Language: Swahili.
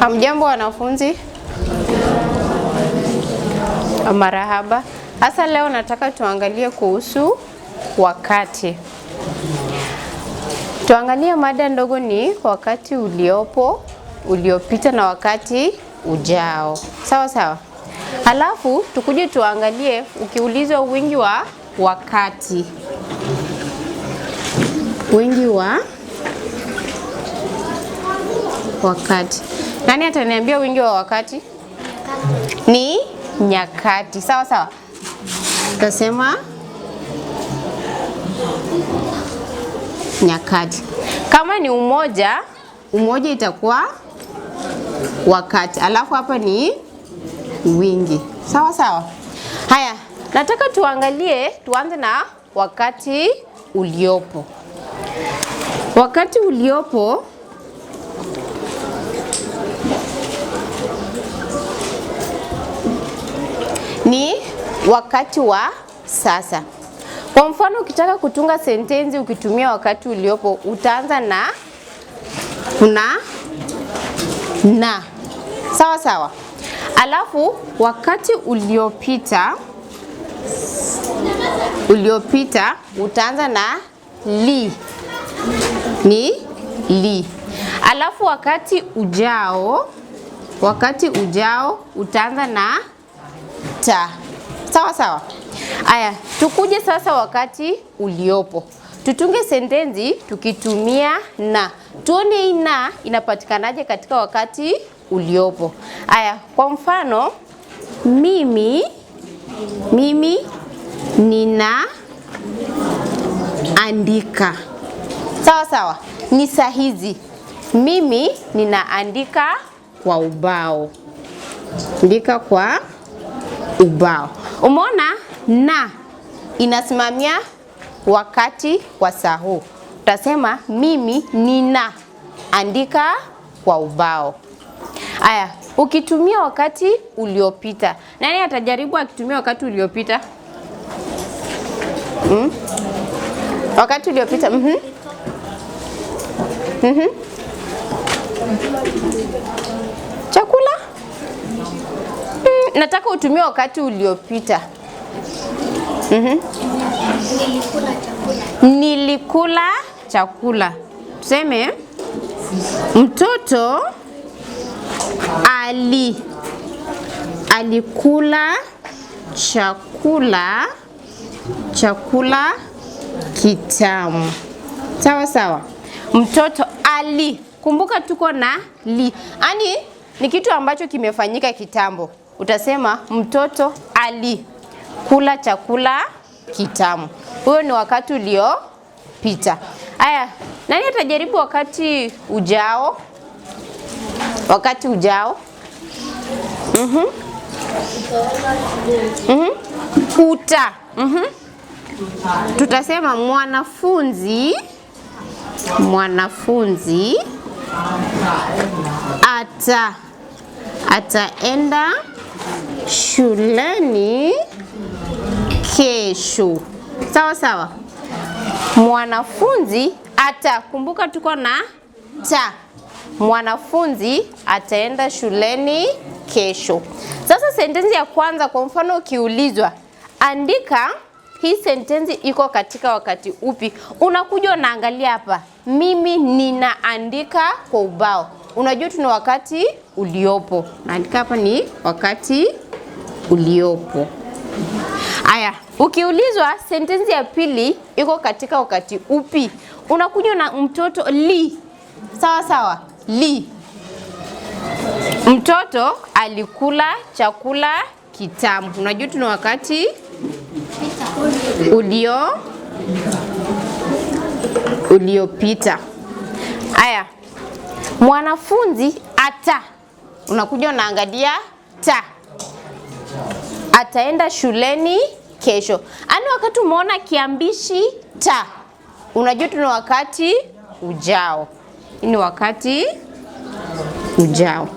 Hamjambo wanafunzi, marahaba. Hasa leo nataka tuangalie kuhusu wakati. Tuangalie mada ndogo ni wakati uliopo, uliopita na wakati ujao, sawa sawa. Halafu tukuje tuangalie, ukiulizwa wingi wa wakati, wingi wa wakati nani ataniambia wingi wa wakati? Ni nyakati. Sawa sawa. Tutasema nyakati. Kama ni umoja, umoja itakuwa wakati. Alafu hapa ni wingi. Sawa sawa. Haya, nataka tuangalie, tuanze na wakati uliopo. Wakati uliopo wakati wa sasa. Kwa mfano, ukitaka kutunga sentensi ukitumia wakati uliopo, utaanza na kuna na, sawa sawa, alafu wakati uliopita uliopita utaanza na li, ni li. Alafu wakati ujao, wakati ujao utaanza na ta. Sawa sawa. Aya, tukuje sasa wakati uliopo. Tutunge sentensi tukitumia na. Tuone hii na inapatikanaje katika wakati uliopo. Aya, kwa mfano mimi mimi nina andika. Sawa sawa. Ni saa hizi. Mimi ninaandika kwa ubao. Andika kwa ubao. Umeona, na inasimamia wakati wa saa huu, utasema mimi nina andika kwa ubao. Aya, ukitumia wakati uliopita, nani atajaribu akitumia wakati uliopita? Mm? Wakati uliopita mm -hmm. Mm -hmm nataka utumie wakati uliopita. mm -hmm. Nilikula chakula, nilikula chakula. Tuseme mtoto ali alikula chakula chakula kitamu. Sawa sawa, mtoto ali. Kumbuka tuko na li, ani ni kitu ambacho kimefanyika kitambo utasema mtoto ali kula chakula kitamu. Huyo ni wakati uliopita. Aya, nani atajaribu wakati ujao? Wakati ujao. Mhm. Mhm. Kuta. Mhm. Tutasema mwanafunzi mwanafunzi ata ataenda shuleni kesho. Sawa sawa, mwanafunzi atakumbuka tuko na ta, mwanafunzi ataenda shuleni kesho. Sasa sentensi ya kwanza, kwa mfano ukiulizwa andika hii sentensi iko katika wakati upi, unakuja unaangalia hapa, mimi ninaandika kwa ubao. Unajua tuna wakati uliopo, naandika hapa ni wakati uliopo. Aya, ukiulizwa sentensi ya pili iko katika wakati upi, unakunywa na mtoto li. Sawa sawa, li. Mtoto alikula chakula kitamu. Unajua tuna wakati ulio uliopita. Aya, mwanafunzi ata, unakuja unaangalia ta ataenda shuleni kesho. Ani wakati umeona kiambishi ta, unajua tuna wakati ujao. Ni wakati ujao.